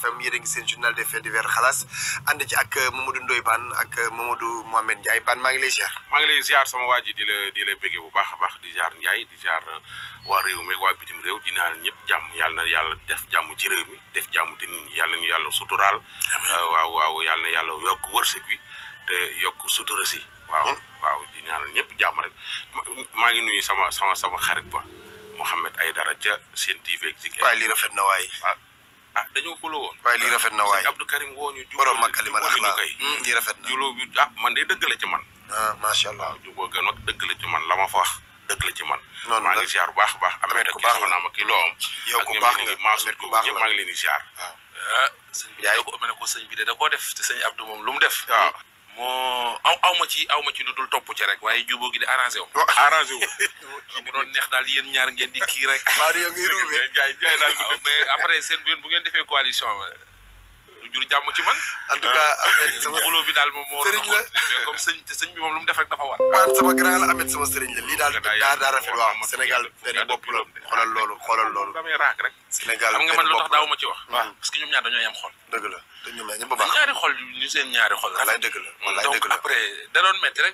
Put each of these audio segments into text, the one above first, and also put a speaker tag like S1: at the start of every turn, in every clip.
S1: FM yéen a ngi seen journal des faits divers xalaas ànd ci ak euh, Mamadou Ndoye baan ak euh, Mamadou Mohamed Ndiaye Bane maa ngi lay ziar.
S2: maa ngi lay ziar sama waa ji di la di la bu baax a baax di ziar Ndiaye di ziar euh, waa réew mi waa bitim réew di naan ñëpp jàmm yàlla na yàlla def jàmm ci réew def jàmm te nit ñi yàlla ñu yàlla suturaal. waaw waaw yàlla yàlla yokk wërsëg wi te yokk sutura si. waaw waaw di ñaanal ñëpp jàmm rek maa ngi nuyu sama sama sama xarit ba Mouhamed Aïdara ca Sen TV. waaye lii rafet na waay. Ah, ah dañoo xuloo woon. waaye lii rafet na waay Abdou Karim woo ñu. borom makkalima la kay. Mm, lii rafet na juloo bi ah man de dëgg la ci man. ah macha allah jubóo gën nag dëgg la ci man la ma fa wax dëgg la ci man. noonu la maa ngi ziar bu baax a baax. baax la am yow ku baax la ak ku baax la maa ngi leen di ziar. waaw. Ah. sëñ ko ëmb ne ko bi de da koo def te sëñ Abdou moom lu mu def. waaw ah. moo aw aw ma ci aw ma ci lu dul topp ci rek waaye jubóo gi di arrangé wu. arrangé wu mu doon daal yéen ñaar ngeen di rek. maa ngi yëngu yëngu mais après seen bu ngeen defee coalition du jur jàmm ci man. en tout cas ah. Ahmed sama xuloo bi daal moom moo sëriñ
S1: la mu def rek dafa war. sama grand la Ahmed sama sëriñ la lii daal daa rek. Sénégal xam lu tax daawuma ci wax. Hmm.
S2: parce que ñoom ñaar dañoo yem xol. dëgg la ñoom a ñaari xol ñu seen hmm, rek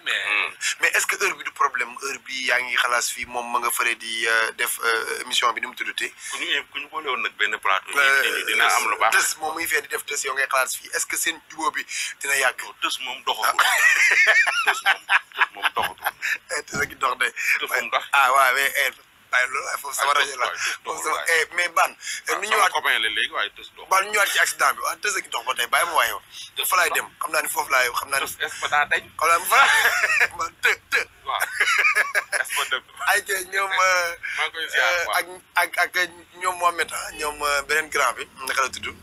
S2: hmm.
S1: mais. est-ce que heure du problème heure yaa ngi xalaas fii moom ma nga euh, def euh, émission bi ni mu tuddati. ku ñu boole woon nag benn plateau. Euh, dina moom muy fee def tës si yow ngay xalaat fii est-ce que seen jubóo bi dina yàgg. tës moom doxatul ah. tës moom tës moom doxatul. Eh, tës a ngi dox de. tës moom dox ah waaw mais. waaye eh, loolu waaye foofu sama ah, rajo la foofu sama eh, mais ban. ñu ah, ñëwaat copain la léegi waaye tës dox. ban ñu ñëwaat ci accident bi waaw tës a ngi dox ba tey bàyyi ma waaye yow. tës fa laay dem xam naa ni foofu laay xam naa ni. tës est-ce que daa dañ. xam naa fa man të të. waaw est-ce que dëgg. ay te ñoom. maa euh, ngi koy ziar euh, ak ak ak ñoom Mohamed ah ñoom euh, beneen grand bi naka la tudd.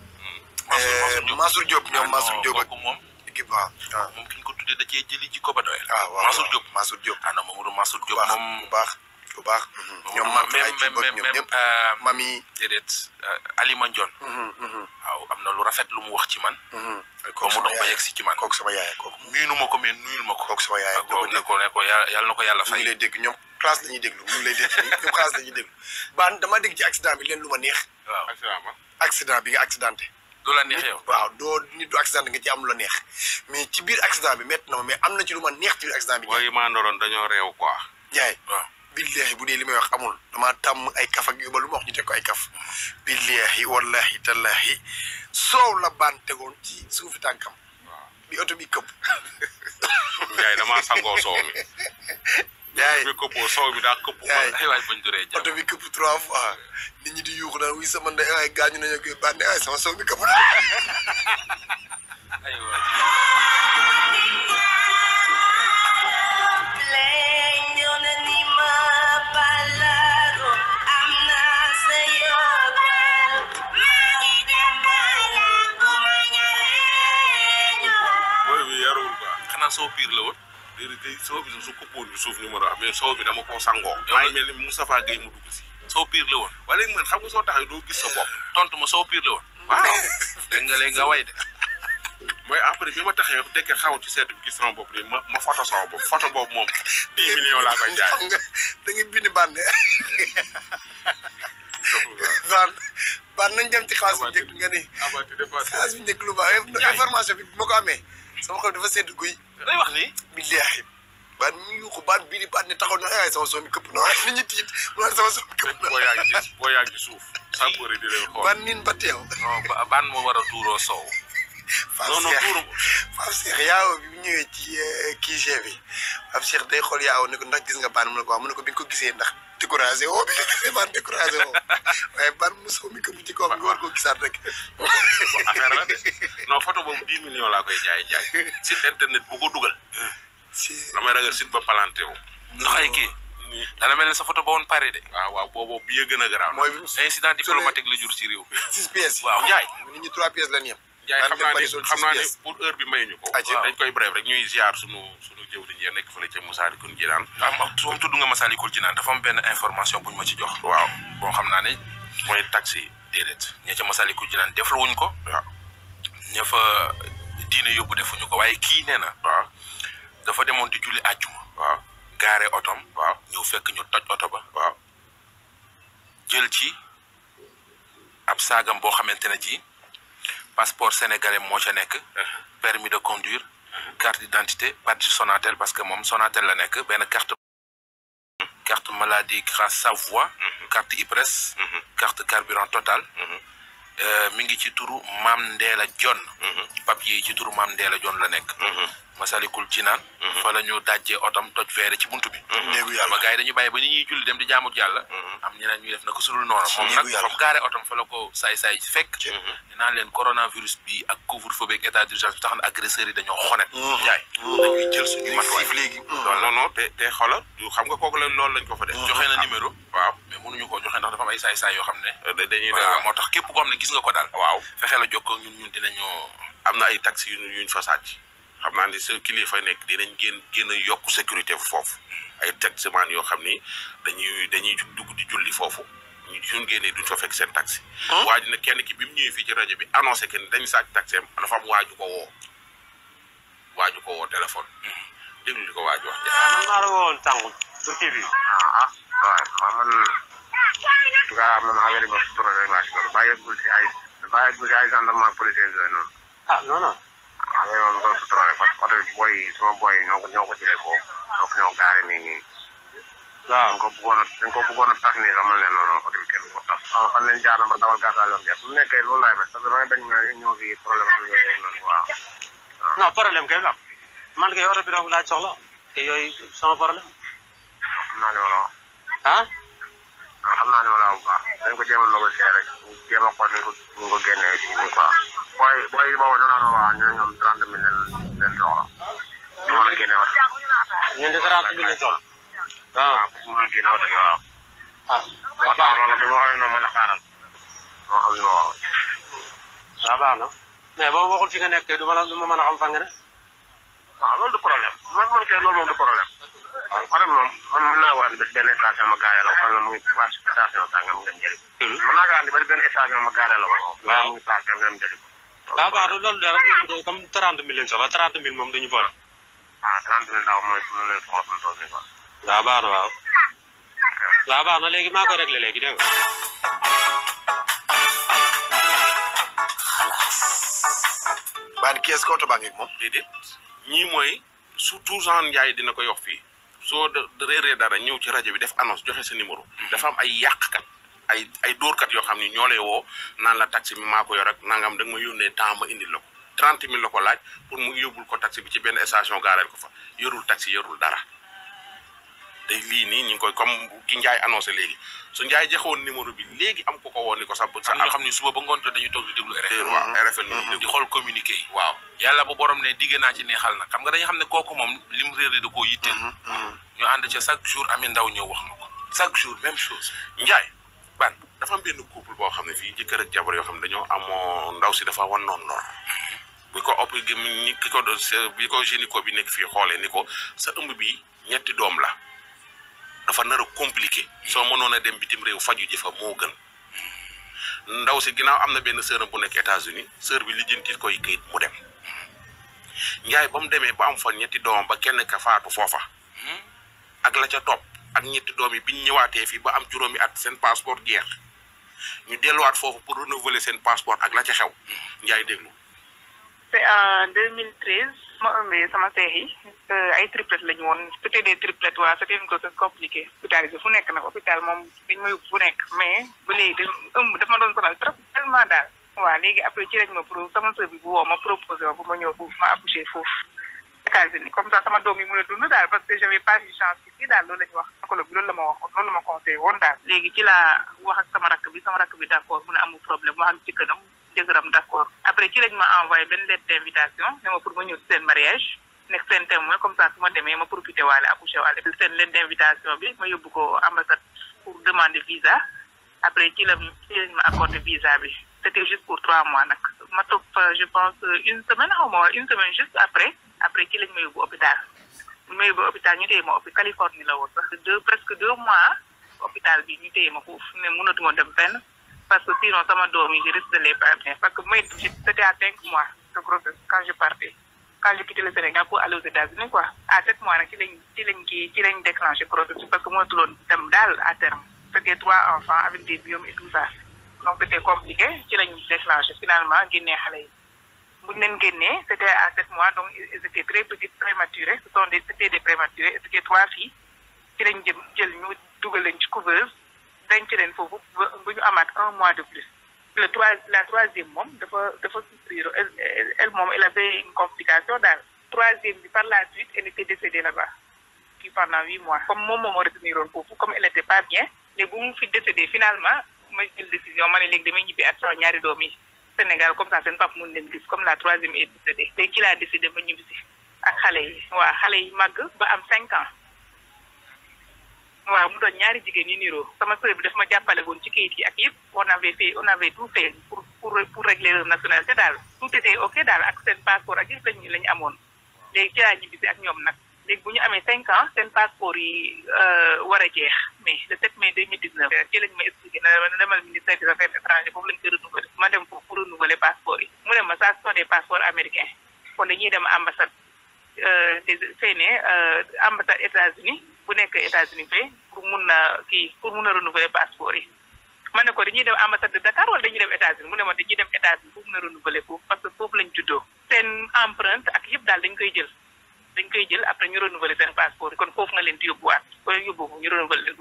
S1: Euh, Mansour Diop ñoom ah, Mansour Diop ak moom équipe waaw waaw moom ki ñu ko tuddee da cee jëli ji ko ba doy waaw ah, waaw Mansour Diop Mansour Diop ah non Mamadou Mansour Diop moom bu baax bu baax
S2: ñoom même même euh, même mami déedéet euh, Ali Mandion mhm, mhm. waaw am na lu rafet lu mu wax ci man mhm. ko mu dox ba yegg si ci man kooku sama yaay kooku miinu ma ko
S1: mais nuyul ma ko kooku sama yaay ko ne ko ne ko yàlla na ko yàlla fay ñu lay dégg ñoom classe dañuy déglu ñu lay dégg ñoom classe dañuy déglu baan dama dégg ci accident bi leen lu ma neex
S2: waaw
S1: accident bi nga accidenté du la neex yow waaw doo nit du accident nga ci am la neex mais ci biir accident bi métti na ma mais am na ci lu ma neex ci biir accident bi. waaye maa ndoroon dañoo réew quoi. bu dee li may wax amul dama tàmm ay kaf ak yu ba lu ma wax ñu teg ko ay kaf. billahi wallahi tallahi soow la baan tegoon ci suufi tànkam. waaw bi oto bi këpp. Ndiaye damaa sangoo soow mi. jaay bi këppoo soow bi daa këpp ay waay bañ oto bi këpp trois fois nit ñi di yuuxu naan wuy sama ndey gaañu nañu koy bànne ay sama soow bi këpp na
S3: ay waay
S2: xanaa soo piir la woon léegi soo bi su kuppoon bi suuf ñu mën a am mais soo bi dama koo sangoo. waaye mel ni Moustapha Gueye mu dugg si. soo piir la woon wala man xam nga soo taxee doo gis sa bopp tontu ma soo piir la woon. waaw dégg nga léegi nga way de. mooy après bi ma taxee dëkk
S1: da nga bind bànne. baan baan nañ dem ci xaalis bu nga ni. xaalis bu njëkk lu baax information bi bu ko amee. sama xol dafa sedd guy. lay wax nii. billaahi baat mi ngi ko baat bii di baat ne taxaw na ay sama soom bi këpp na nit ñi tiit mu naan sama soom bi këpp na. boo yaa suuf. sàmpoore di leen xool
S2: ba moo war a tuuroo soow. non non tuuru
S1: Pape bi mu ñëwee ci kii GV Pape Cheikh de xool yaaw ne ko ndax gis nga baan mu ne ko waaw mu ne ko bi nga ko gisee ndax. découragé woo bi nga man découragé woo waaye ban mosoo mi ko mu ci koom war koo gisaat rek. affaire la de non photo boobu dix millions koy jaay jaay site internet bu ko dugal.
S2: si damay ragal site ba palanté wu. ndax ay kii. dana mel ne sa photo ba woon pare de. Ah, waaw waaw booboo bi gën a garaaw. mooy incident diplomatique la jur ci réew. six pièces jaay.
S1: nit trois pièces la ñu Ndiaye xam naa ni xam naa ni
S2: pour heure bi may ñu ko dañ koy bref rek ñuy ziar sunu sunu jëw di ñee nekk fële ca Masaalikul Jinaan soom ah, tudd nga Masaalikul Jinaan dafa am benn information bu ñu ma ci jox waaw boo xam naa ne mooy taxi déedéet ña ca Masaalikul Jinaan def wuñ ko waaw ña fa diine yóbbu defuñu ko waaye kii nee na waaw dafa demoon di julli àjjuma waaw gaare otom waaw ñëw fekk ñu toj oto ba waaw jël ci ab saagam boo xamante ne ji passeport sénégalais moo ca nekk. Uh-huh. permis de conduire. Uh-huh. carte d'identité badge Sonatel parce que moom Sonatel la nekk benn carte. carte maladie grâce Savoie. Uh-huh. carte IPRES. carte carburant total. Euh, mi ngi ci turu Maam Ndeela John. papier ci turu Maam Ndeela John la nekk. Masalikul Jinaan mhm. fa la ñu dajjee otam toj feere ci buntu bi mhm. néegu yàlla gars yi dañu bàyyi ba ñu ñuy julli dem di jaamut yàlla mhm. am ñeneen na ko sudul noonu moom nag fam gaare otam fa la ko saay leen coronavirus bi ak bi tax na agresseurs yi dañoo xonet jaay dañuy jël suñuy matuwaay léegi non non xam nga kooku la loolu lañ ko fa def joxe na numéro waaw mais mënuñu koo joxe ndax dafa am ay saay-saay yoo xam ne euh, dañuy moo tax képp koo gis nga ko daal waaw fexe la jokkoo ñun ñun dinañu am na ay taxi yu ñu fa sàcc xam naa ni sa kilifa nekk dinañ gën gën yokku yokk sécurité foofu ay taximan yoo xam ni dañuy dañuy dugg di julli foofu ñu suñ génnee du fa fekk seen taxi. Ah. waaj na kenn ki bi mu ñëwee fii ci rajo bi annoncé que ni dañ sàcc taxi am dafa am waaju ko woo waaju ko woo téléphone. déglu li ko waaj wax. Ah, man maa bi. ah ah man man en tout cas man xam nga li ay bàyyi ay waaye moom lu ko suturaale parce que oto bi booy yi sama booy yi ñoo ko ñoo ko jëlee foofu ñoo ko ñoo gaare nii nii. waaw dañ ko bëggoon a dañ ko bëggoon
S1: a tas nii dama leen loolu oto bi kenn ko tas. xam fan leen jaar na ba dawal gàttal yoon bi bu nekkee loolu laay parce que damay bañ ñu ñëw fii problème am yooyu yëpp noonu waaw. non problème kay la man kay oto
S2: bi dong laaj soxla te yooyu sama problème. xam naa ne wala. ah. maa ne wala bu baax dañ ko jéem a négocier rek jéem a xool nu ko nu ko génnee ci ñun quoi booy booy yi boobu dañoo naan waa ñu ne ñoom trente mille leen leen soxla ñu mën a génne wat
S3: ñun de trente mille
S2: soxla waaw mën a génne wat waaw ah moo tax loolu bi ma waxee noonu mën a xaaral moo xam li ma wax waaw baax na mais boo waxul fi nga nekk du ma la du ma mën a xam fan nga ne waaw loolu du problème man man kay loolu moom du problème waaw xoolal moom man mën naa ko andi ba si benn station ma gaaree la ko xoolal muy waa station sàngam nga dem jëli ko. Hmm. mën naa ko andi ba si benn station ma gaaree la ko. na waaw. waaw ah, baax
S1: na léegi maa koy réglé léegi ñii mooy
S2: surtout Jean Ndiaye dina ko yox fii. soo réeree dara ñëw ci rajo bi def annonce joxe sa numéro. Hmm. dafa am ay yàqkat ay ay dóorkat yoo xam ni ñoo lay woo naan la taxi bi maa ko yor nangam da nga ma yónnee temps ma indil la ko trente mille la ko laaj pour mu yóbbul ko taxi bi ci benn station gaareel ko fa yorul taxi yorul dara. te lii nii ñu ngi koy comme ki Ndiaye annoncé léegi su Ndiaye joxewoon numéro bi léegi am ko ko woon ko sax. am na ñoo xam ne suba ba ngoon jot dañuy toog di déglu RFM. Eh, waaw mm-hmm. di xool communiqué yi yàlla bu borom ne digg naa ci neexal na xam nga dañu xam ne kooku moom lim réer di da koo yitteel. Mm-hmm, mm-hmm. ñu ànd ca chaque jour ami ndaw ñëw wax ma ko chaque jour même chose. Ndiaye ban dafa am benn couple boo xam ne fii jëkkër ak jabar yoo xam ne dañoo amoo ndaw si dafa wan noonu noor. Mm-hmm. bi ko ëpp gi ki ko doon bi ko gynéco bi nekk fii xoolee ni ko sa ëmb bi ñetti doom la dafa nar a soo mënoon a dem bitim réew faju ji fa moo gën. ndaw si ginnaaw am na benn sœuram bu nekk États-Unis sœur bi lijjanti koy kayit mu dem. njaay ba mu demee ba am fa ñetti doom ba kenn ka faatu foofa hmm. ak la ca topp ak ñetti doom yi bi ñëwaatee fii ba am juróomi ak seen passeport jeex ñu delluwaat foofu pour renouveler seen passeport ak la ca xew hmm.
S1: njaay déglu
S3: c'est en 2013 ma ëmbee sama seex yi euh, ay triplette la ñu woon c'était des triplettes waa c'était une grossesse compliquée hôpitalisé fu nekk nag hôpital moom dañ ma fu nekk mais ba léegi ëmb dafa ma doon trop tellement daal waaw léegi après ci lañ ma pro sama sœur bi bu woo ma proposé ma ba ma ñëw foofu ma accouché foofu États-Unis comme ça sama doom yi mën a dund daal parce que j'avais pas eu chance ici daal loolu la ñu wax psychologue bi loolu la ma wax loolu la ma conseillé woon daal léegi ci laa wax ak sama rakk bi sama rakk bi d'accord mu ne amul problème wax ak jëkkëram jëkkëram d'accord après ci lañ ma envoyé benn lettre d'invitation ne ma pour ma ñëw seen mariage nekk seen témoin comme ça su ma demee ma profité waale accouché waale seen lettre d'invitation bi ma yóbbu ko ambassade pour demander visa après ci la ci lañ ma accordé visa bi c'était juste pour trois mois nag ma toog fa euh, je pense euh, une semaine xaw ma une semaine juste après après ci lañ ma yóbbu hôpital ma yóbbu hôpital ñu téye ma hôpital Californie la woon sax deux presque deux mois hôpital bi ñu téye ma foofu ne mënatuma dem fenn parce que sinon sama doom yi je risque de les perdre parce que may c'était à cinq de grossesse quand je partais quand j'ai quitté le Sénégal pour aller aux États-Unis quoi à sept mois nag ci lañ ci lañ kii ci lañ déclenché grossesse parce que mënatuloon dem daal à terme c'était trois enfants avec des donc c'était compliqué ci lañ déclenché finalement génnee xale yi buñ leen génnee c'était à sept mois donc ils étaient très petites prématurées ce sont des c'était des prématurées c'était trois filles ci lañ jël ñu dugal leen ci couveuse denc leen foofu bu ñu amaat un mois de plus le trois la troisième moom dafa dafa souffrir elle moom elle avait une complication daal troisième bi par la suite elle était décédée là-bas pendant huit mois comme moom moo ma retenir woon comme elle était pas bien mais bu fi décédé finalement ma jël ma ne léegi damay ñibbi ak ñaari doom yi Sénégal comme ça seen pap mun leen gis comme la troisième et décédée léegi ci laa décidé ma ñibbi si ak xale yi waa xale yi màgg ba am cinq ans waaw mu doon ñaari jigéen yi niroo sama sœur bi daf ma jàppale woon ci kayit yi ak yëpp on avait fait on avait tout fait pour pour pour régler leur nationalité daal tout était ok daal ak seen passeport ak yëpp lañu amoon léegi ci laa ñibbisi ak ñoom nag léegi bu ñu amee cinq ans seen passeport yi euh, war a jeex mais le sept mai deux mille dix neuf ci lañ ma expliqué na ma demal ministère des affaires étrangères boobu lañ ko renouvelé ma dem foofu pour renouveler passeport yi mu ne ma ça sont des passeports américains kon dañuy dem ambassade euh, des fay ne euh, ambassade États-Unis bu nekk États-Unis fee pour mun na kii pour mun a renouveler passeport yi ma ne ko dañuy dem ambassade de Dakar wala dañuy dem États-Unis mu ne ma dañuy dem États-Unis pour mun a renouveler foofu parce que foofu lañ juddoo seen empreinte ak yëpp daal dañ koy jël dañ koy jël après ñu renouveler passeport kon foofu nga leen di yóbbuwaat ko yóbbu ñu renouveler leen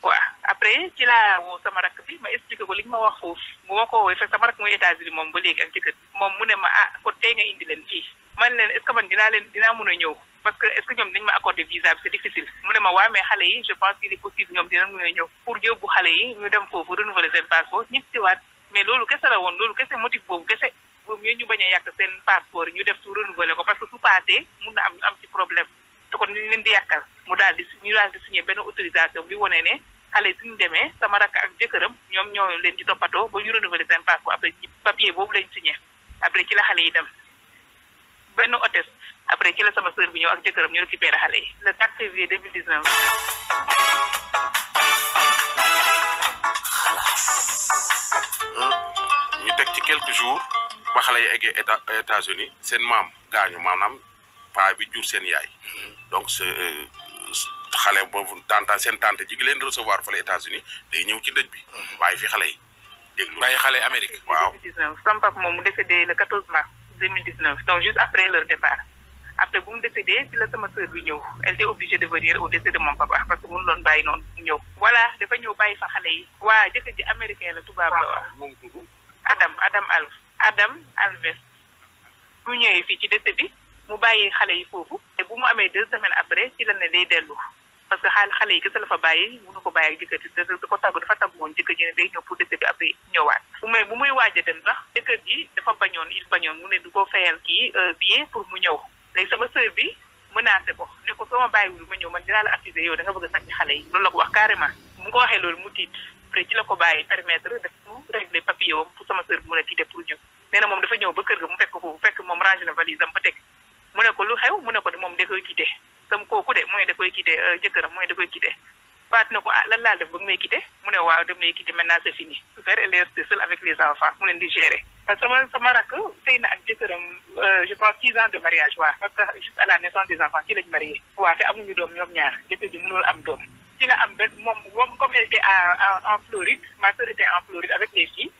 S3: foofu après ci laa woo sama rakk ma expliqué ko li ñu ma wax foofu bu ma ko woowee fekk sama rakk muy États-Unis moom ba léegi ak jëkkër moom mu ne ma ah kon tey indi leen fii man leen est ce que man dinaa leen dinaa mun a ñëw parce que est ce que ñoom dañ ma accordé visa bi c'est difficile mu ne ma waa xale yi je pense qu'il est possible ñoom dina mun a ñëw pour yóbbu xale yi ñu dem foofu renouveler loolu kese loolu kese motif vaut mieux ñu bañ a yàq seen passeport ñu def su renouveler ko parce que su paasee mun na am ñu am ci problème te kon ñu leen di yàqal mu daal di ñu daal di signé benn autorisation bi wane ne xale suñu demee sama rakk ak jëkkëram ñoom ñoo leen ci toppatoo ba ñu renouveler seen passeport après ci papier boobu lañ signé après ci la xale yi dem benn hôtesse après ci la sama sœur bi ñëw ak jëkkëram ñu récupéré xale yi le 4 février 2019. xalaas hmm. ñu teg ci quelques
S2: jours. ba xale yi eggee état États-Unis seen maam gaañu maanaam paa bi jur seen yaay. Mm-hmm. donc ce euh, xale boobu tanta seen tante ji ngi leen recevoir fële États-Unis day ñëw ci dëj bi. Mm-hmm. bàyyi fi xale yi. déglu xale Amérique. waaw
S3: 2019 sama papa moom mu décédé le 14 mars 2019 donc juste après leur départ. après bu décédé ci la sama sœur bi ñëw elle était obligée de venir au décès de mon papa parce que mënu loon bàyyi noonu ñëw. voilà dafa ñëw bàyyi fa xale yi. waa jëkkër ji américain la tubaab la Adam Alves bu ñëwee fii ci dëkk bi mu bàyyi xale yi foofu te bu mu amee deux semaines après ci la ne day dellu parce que xaal xale yi kese la fa bàyyi mënu ko bàyyi ak jëkkër ji da ko tàggu dafa tàggu woon jëkkër ji ne day ñëw pour dëkk bi après ñëwaat bu may bu muy waaj a dem sax jëkkër ji dafa bañoon il bañoon mu ne du ko fayal kii euh, bien pour mu ñëw léegi sama sœur bi menacé ko ne ko soo ma bàyyiwul ma ñëw man dinaa la accuser yow da a sàcc xale yi loolu la ko wax carrément mu ko waxee loolu mu tiit après ci la ko bàyyi permettre def mu régler papier wam pour sama sœur bi mën a tiite pour jóg nee moom dafa ñëw ba kër ga mu fekk moom rangé na valise ba teg mu ne ko lu xew mu ne ko moom da koy quitté sam kooku de mooy da koy quitté euh, jëkkëram mooy ah, mu ne waaw dem parce que sama rakk sëy na ak jëkkëram euh, je pense six de mariage waaw parce que amuñu doom ñaar jëkkër ji am doom ci la am moom en en Floride ma en Floride avec les filles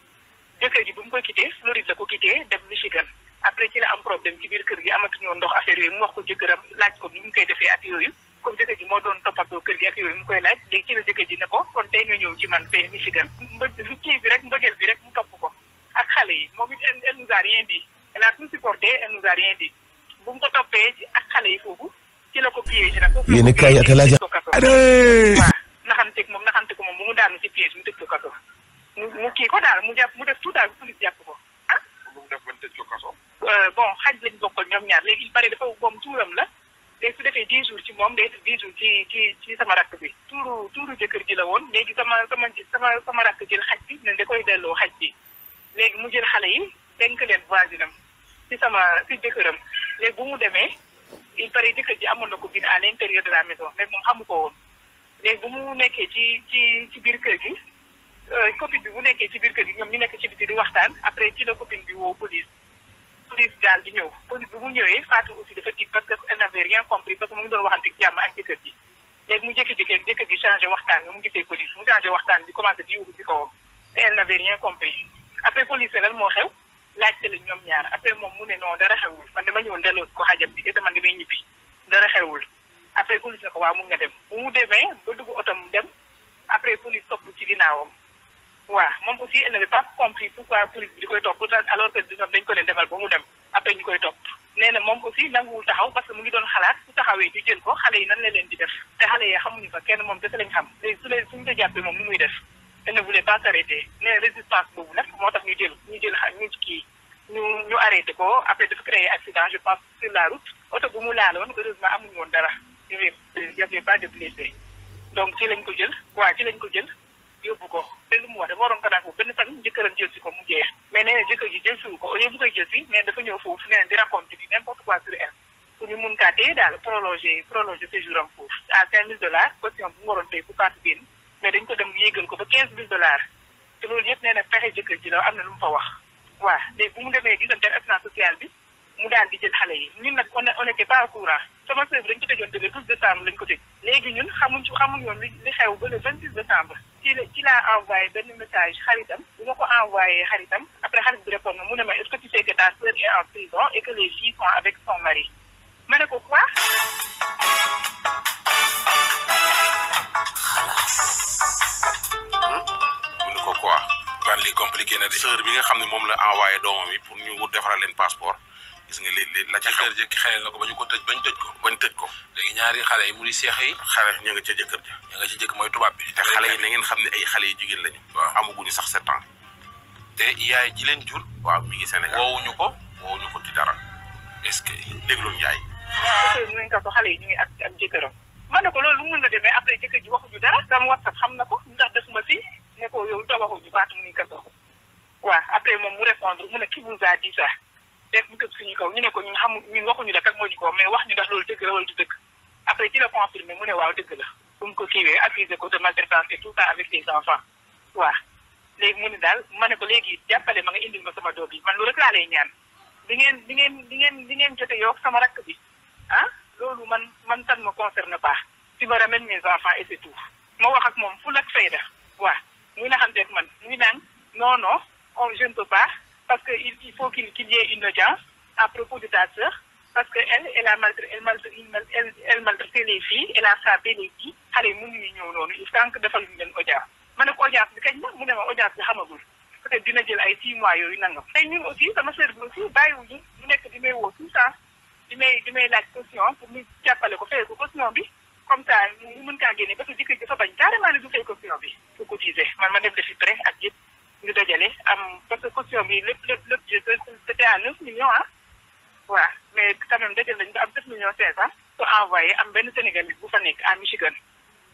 S3: jëkkër bu mu ko quitté Floride la ko quitté dem Michigan après ci la am problème ci biir kër gi amatuñu woon ndox affaire yooyu mu wax ko jëkkëram laaj ko ni mu koy defee ak yooyu comme jëkkër ji moo doon toppatoo kër gi ak yooyu mu koy laaj léegi ci la jëkkër ji ne ko kon tey nga ñëw ci man fee Michigan bi rek mbëggeel bi rek mu topp ko ak xale yi moom it elle nous a rien dit elle a tout supporté elle nous bu mu ko toppee ci ak xale yi foofu la ko piégé naxanteeg moom naxante ko moom bu mu daanu ci piège mu tëj ko kaso mu mu kii ko daal mu jàpp mu def tout daal police jàpp ko ah. bu mu def euh, bon xaj lañ bokk ñoom ñaar léegi il paraît dafa moom tuuram la léegi su defee dix jours ci moom de def dix jours ci ci ci sama rakk bi. tuuru tuuru jëkkër ji la woon léegi sama sama sama sama rakk jël xaj bi ne da koy delloo xaj bi léegi mu jël xale yi denk leen voisinam ci sama ci jëkkëram léegi bu mu demee il paraît jëkkër ji amoon na ko biir à l'intérieur de la maison mais ko léegi bu mu nekkee ci ci ci biir kër gi euh, copine bi bu nekkee ci biir kër gi ñoom ñu nekk ci biti di waxtaan après ci la copine bi woo police police daal di ñëw police bi mu ñëwee Fatou aussi dafa tiit parce que elle n'avait rien compris parce que mu ngi doon waxante jàmm ak jëkkër ji léegi mu jékki-jékki jëkkër ji changé waxtaan bi mu gisee police mu changé waxtaan bi commencé di yuuxu ci kawam te elle n'avait rien compris après police lan moo xew laajte la ñoom ñaar après moom mu ne non dara xewul man dama ñëwoon delloo ko après police ne ko waaw mun nga dem bu mu demee ba dugg otom dem après police topp ci ginnaawam waaw moom aussi elle n'avait pas compris pourquoi police bi di koy topp alors que ñoom dañ ko leen demal ba mu dem après ñu koy topp nee na moom aussi nanguwul taxaw parce que mu ngi doon xalaat su taxawee ñu jël ko xale yi nan la leen di def te xale yi xamuñu fa kenn moom dese lañ xam léegi su leen suñu ko jàppee moom nu muy def elle ne voulait pas s'arrêter moo tax ñu jël ñu jël xa ñu kii ñu ñu ko après dafa créé accident je pense pas de blessé donc ci lañ ko jël waaw ci lañ ko jël yóbbu ko te lu mu wax dafa waroon ko daan benn fan jëkkëram jël si ko mu jeex mais nee jëkkër ji jël siwu ko au lieu bu jël si nee dafa ñëw foofu nee na di raconter bi n'importe quoi sur elle ñu mun kaa daal prolonger prolonger séjour am foofu à cinq mille dollars caution bu dañ ko dem yéegal ko ba quinze mille dollars te loolu yëpp nee na jëkkër ji la am na lu mu fa wax waaw bu taal courant sama sœur lañ ko tëjoon te le 12 décembre lañ ko tëj léegi ñun xamuñ ci xamuñu woon li xew ba le 26 décembre ci la ci benn message xaritam bu ma ko envoyé xaritam après xarit bi répondre mu ne ma est-ce que tu sais que ta sœur est en prison et que les avec son mari ma ko quoi
S2: mu hmm? ne ko quoi. ban li compliqué na de. sœur bi nga xam ne moom la envoyé doomam yi pour ñu wut defaral leen passeport. gis nga li li la ca xew jëkkër xale na ko ba ko tëj bañ tëj ko bañ tëj ko léegi ñaari xale yi mu di seex yi xale ñu jëkk mooy tubaab bi te xale yi na ngeen xam ne ay xale yu jigéen lañu waaw amaguñu sax sept ans te yaay ji leen jur waaw mi ngi Sénégal woowuñu ko wuñu ko ci dara est-ce que déglul yaay
S3: mu neñ ko ko xale yi ñu ngi ak ak jëkkëram man ne ko loolu lu mën na demee après jëkkër ji waxuñu dara sam WhatsApp xam na ko ndax def ma si ne ko yow da waxuñu baat mu neñ ko waaw après moom mu répondre mu ne qui vous a dit def mu tëb suñu kaw ñu ne ko ñun xamu ñun waxuñu la kat moo ñu ko mais wax ñu ndax loolu dëgg la wala du dëgg après ci la confirmé mu ne waaw dëgg la bu mu ko kiiwee accusé ko de maltraitance et tout ça avec ses enfants waaw léegi mu ne daal ma ne ko léegi jàppale ma nga indil ma sama doom yi man loolu rek laa lay ñaan di ngeen di ngeen di ngeen di ngeen jote yow sama rakk bi ah loolu man man tan ma concerne pas si ma ramène mes enfants et c'est tout ma wax ak moom fu lak fayda waaw muy naxanteeg man muy naan non non on je ne peux pas parce que il faut qu'il qu y ait une audience à propos de ta sœur, parce qu'elle, elle a maltraité, elle, elle, elle maltraité les filles, elle a frappé les filles, xale mënuñu ñëw noonu il faut defal ñu leen audience. ma ne ko audience bi kañ la mu ne ma audience bi xamagul peut-être dina jël ay six mois yooyu nangam. tey ñun aussi sama sœur bi aussi bàyyiwuñu mu nekk di may woo tout ça di may di may laaj caution pour ñu jàppale ko fayal ko caution bi comme ça mu mën kaa génne parce ma def defi ñu dajale am parce que caution bi lépp lépp lépp c'était à neuf millions ah waaw mais quand même dajale nañ am sept millions cinq cent ko envoyé am benn sénégalais bu fa nekk à Michigan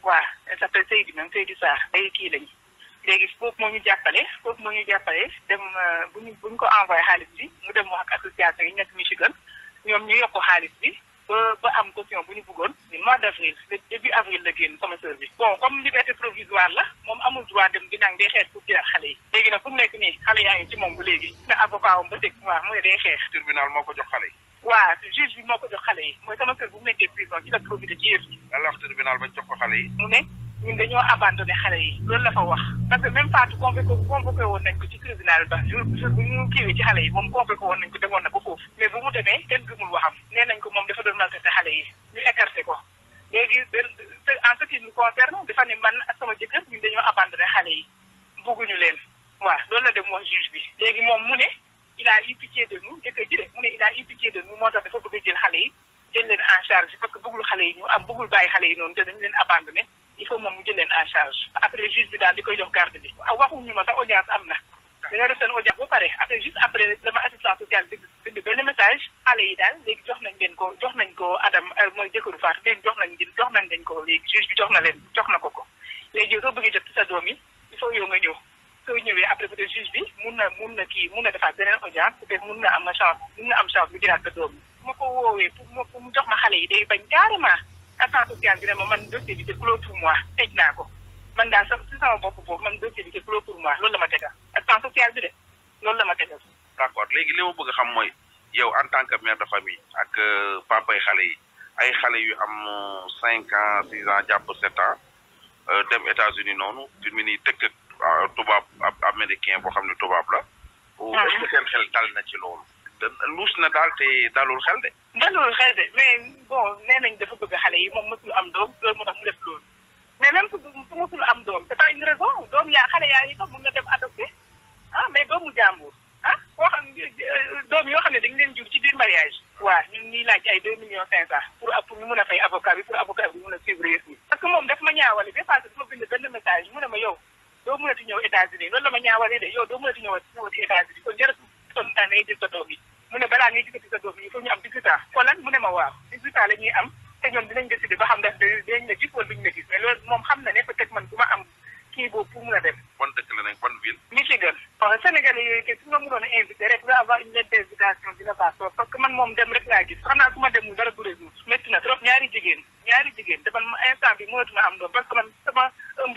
S3: waaw elle s'appelle Seydi même Seydi Sarr ay kii lañ léegi foofu moo ñu jàppale foofu moo ñu jàppale dem euh, bu ñu bu ko envoyé xaalis bi mu dem wax ak association yi nekk Michigan ñoom ñu yokk xaalis bi ba ba am caution bu ñu bëggoon ni mois d' avril début avril la génn sama sœur bi bon comme liberté provisoire la moom amul droit dem ginnaaw day xeex pour jëlaat yi léegi nag fu mu nekk nii xale yaa ngi ci moom bu léegi te avocat am ba teg waaw mooy day xeex tribunal moo ko jox xale yi waaw juge bi moo ko jox xale yi mooy sama sœur bu mu nekkee prison ci la profité ci yëf yi alors tribunal ba jox ko xale yi mu ne ñun dañoo abandonné xale yi loolu la fa wax parce que même Fatou convoqué convoqué woon nañ ko ci tribunal ba jour jour bu ñu kiiwee ci xale yi moom convoqué woon nañ ko demoon na ba foofu mais bu mu demee kenn gëmul waxam nee ko moom dafa doon maltraité xale yi ñu écarté ko léegi en ce qui nous concerne dafa man sama jëkkër ñun dañoo abandonné xale yi bugguñu leen waa loolu la dem wax juge bi léegi moom mu ne il a eu pitié de nous jëkkër ji de mu ne il a eu a jël xale xale yi noonu te dañu leen abandonné il faut moom mu jël leen en charge après juge bi daal di koy jox garde bi waxuñu ma sax audience am na dañoo def seen audience ba pare après après dama assistance sociale benn message xale yi daal léegi jox nañ leen ko jox nañ ko Adam euh, mooy jëkkëru Fatou léegi jox nañ jox nañ leen ko léegi juge bi jox na leen jox na ko ko léegi soo bëggee jot ci sa doom yi il faut yow nga ñëw soo ñëwee après peut-être juge bi mun na mun na kii mun na defaat beneen audience peut-être mun na am na chance mun na am jox ma xale yi day bañ assistance sociale bi ne ma man dossier bi c'est clos pour moi tëj ko man daal sax si sama bopp pour moi loolu la ma tegal assistance sociale bi de loolu la ma tegal.
S2: d'accord léegi li ma bëgg a xam mooy yow en tant que mère de famille ak euh, papay xale yi ay xale yu am euh, cinq ans six ans jàpp sept ans euh, dem États-Unis noonu fi mu nii tëkk tubaab ab américain boo xam ne tubaab la. Ah. est-ce na ci loolu. luus na daal te dalul xel de.
S3: dalul xel de mais bon nee nañ dafa yi moom mësul am doom loolu moo tax mu def loolu mais même su su mësul am doom c'est pas une raison doom yaa xale yaa yi toog mun na dem adopté ah mais doomu jàmbur a ah, koo xam euh, doom yoo xam ne dañ leen jur ci biir mariage. wa ñun ñuy laaj ay deux millions cinq cent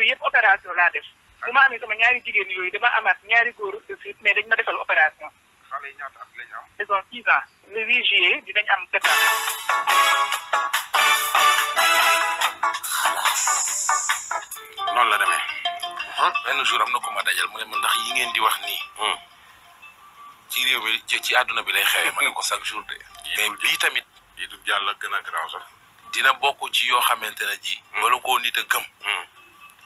S3: yépp yëpp opération laa def bu ma amee sama ñaari jigéen yooyu dama amaat ñaari góor de suite mais dañ ma defal opération.
S2: xale am.
S3: ils ont six ans le am sept
S2: la demee. Ah, benn jour am na ko ma dajal mu ne ma ndax yi ngeen di wax nii. Hmm. ci réew mi ci àdduna bi lay xewee ma ne ko chaque jour de. mais bii tamit. lii du gën a garaaw dina bokk ci yoo xamante ne ji. Hmm. wala koo nit a gëm. Hmm.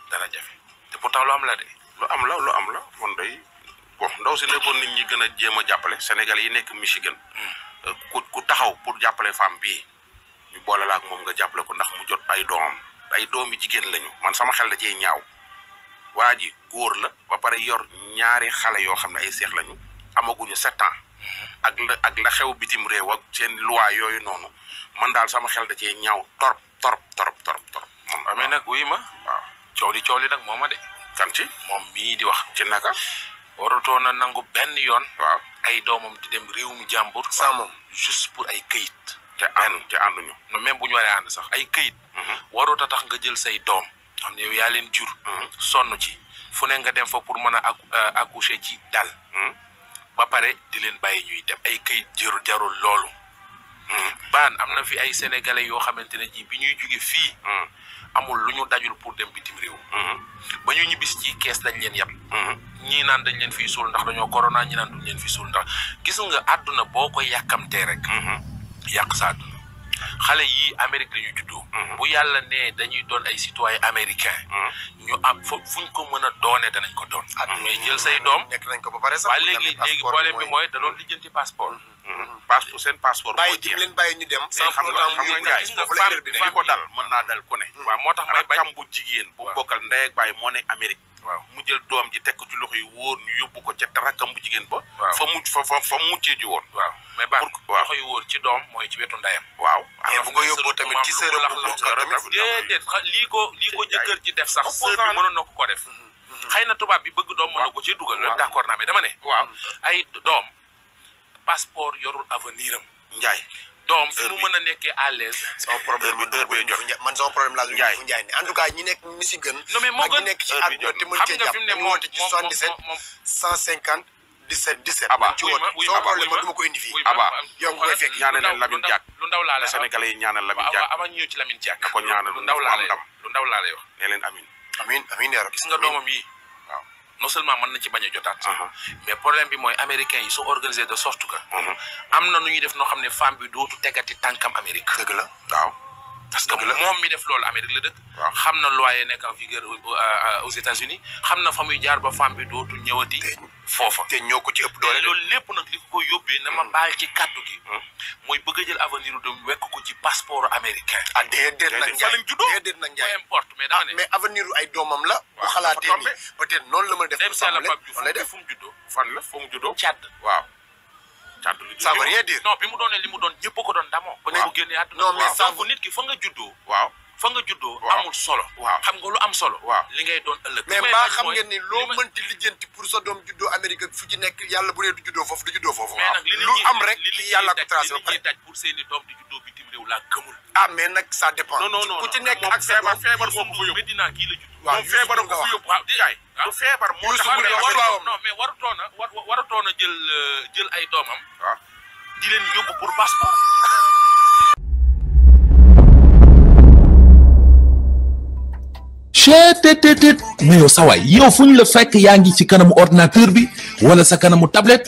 S2: dana jafe te pourtant lu am la de lu am la lu am la man day bon ndaw si nekkoon nit ñi gën a jéem a jàppale Sénégal yi nekk Michigan hmm. euh, ku ku taxaw pour jàppale femme bii ñu boole la ak moom nga jàppale ko ndax mu jot ay doom ay doom yi jigéen lañu man sama xel da cee ñaaw waa ji góor la ba pare yor ñaari xale yoo xam ne ay seex lañu amaguñu sept hmm. ak la ak la xew bitim réew ak seen loi yooyu noonu man daal sama xel da cee ñaaw torop torop torop torop moom amee coow li coow li nag mooma de kan ci moom mii di wax ci naka warutoon na nangu benn yoon. waaw ay doomam di dem réew mu jàmbur. sans moom juste pour ay këyit. te ànd te ànduñu. même bu ñu waree ànd sax ay këyit. Mhm. warut a tax nga jël say doom. xam na yow yaa leen jur. Mhm. sonn ci fu ne nga dem fa pour mën a euh, accoucher ci dal. Mhm. ba pare di leen bàyyi ñuy dem. ay këyit jarul jarul loolu. baan am na fi ay sénégalais yoo xamante ne ji bi ñuy jóge fii. amul lu ñu dajul pour dem bitim réew. Mhm. ba ñu ñibbis ci kees dañ leen yab. Mhm. ñii naan dañ leen fiy suul ndax dañoo corona ñii naan duñ leen fiy suul ndax gis nga àdduna boo ko yàkkamtee rek. Mhm. yàq sa àdduna xale yii Amérique la juddoo. Mm-hmm. bu yàlla nee dañuy doon ay citoyen américain mm-hmm. ñu am fa fuñ ko mën a doonee danañ ko doon ah, mais mm-hmm. jël say doom nekk nañ ko ba pare sax waaye léegi léegi problème bi mooy da doon lijjanti passeport passeport seen passeport bàyyi jëm leen bàyyi ñu dem sans xam nga xam nga gars yi ko dal mën naa dal ku ne moo tax may bañ bu jigéen bu bokkal ndey ak bàyyi moo ne Amérique waaw mu jël doom ji teg ko ci loxo yu wóor ñu yóbbu ko ca rakkam bu jigéen ba. fa mucc fa fa fa muccee ji woon. waaw mais baax loxo yu wóor ci doom mooy ci wetu ndeyam. waaw alors bu tamit ci sërëm bu ko tamit déedéet lii ko lii ko jëkkër ji def sax sër bi mënoon na ko ko def. Mm-hmm. Mm-hmm. xëy na tubaab bi bëgg doom mën na ko cee dugal. waaw d'accord naa mais dama ne. waaw ay doom passeport yorul avenir am. Njaay doom fu mu mën a nekkee à l'aise sama
S1: problème bi heure bi man sama problème laa Njaay fu Njaay en tout cas ñi nekk ñi si gën non mais moo nekk ci àdduna te mën cee jàpp ñu ci 77 150 17 ci woote sama problème ma du ko indi aba yow nga koy fekk lu ndaw laa lay wax sénégalais
S2: yi ñaanal Lamine Diack avant ñu ñëw ci Lamine Diack na ko ñaanal lu ndaw laa lay wax ne amin amin amin non seulement mën na ci bañ a jotaat. mais problème bi mooy américains yi soo organisé de sorte que. am na nu ñuy def noo xam ne femme bi dootu tegati tànkam Amérique. dëgg la waaw. parce que moom mi def loolu Amérique la dëkk. xam na loyer nekk en euh, aux États-Unis xam na fa muy jaar ba femme bi dootu ñëwati. foofa te ñoo ko ci ëpp doole. loolu lépp nag li ko yóbbee na ma mm. baal ci kaddu gi. Mm. mooy bëgg a jël avenir du wekk ko ci passeport américain.
S1: ah déedéet nag Ndiaye déedéet nag Ndiaye peu importe mais dama ne ah, mais avenir ay doomam la. bu xalaatee nii peut-être noonu la ma def. fu mu juddoo fan la fu mu juddoo Tchad waaw.
S2: kàddu lu ça veut bi mu doonee li mu doon ñëpp ko doon damoo. ba ne bu génnee àdduna. non mais nit ki fa nga juddoo waaw. fa nga juddoo amul solo waaw xam nga lu am solo waaw li ngay doon ëllëg mais mbaa xam ngeen ni
S1: loo mënti lijjanti pour sa doom juddoo Amérique fu ci nekk yàlla bu dee du juddoo foofu du juddoo foofu waaw lu am rek li yàlla ko tracé ba pare daj
S2: pour seeni doom di juddoo
S1: bitim réew laa ah,
S2: dépend ku ci nekk ak sa doom feebar moom ko yóbbu dinaa kii la judd waaw feebar ko fa yóbbu waaw diay ah, du feebar moo tax non mais warutoon a warutoon a jël euh, jël ay doomam waaw di leen yóbbu pour passeport cheetetetet mais yow sa waay yow fu ñu la fekk yaa ngi ci kanamu ordinateur bi wala sa kanamu tablette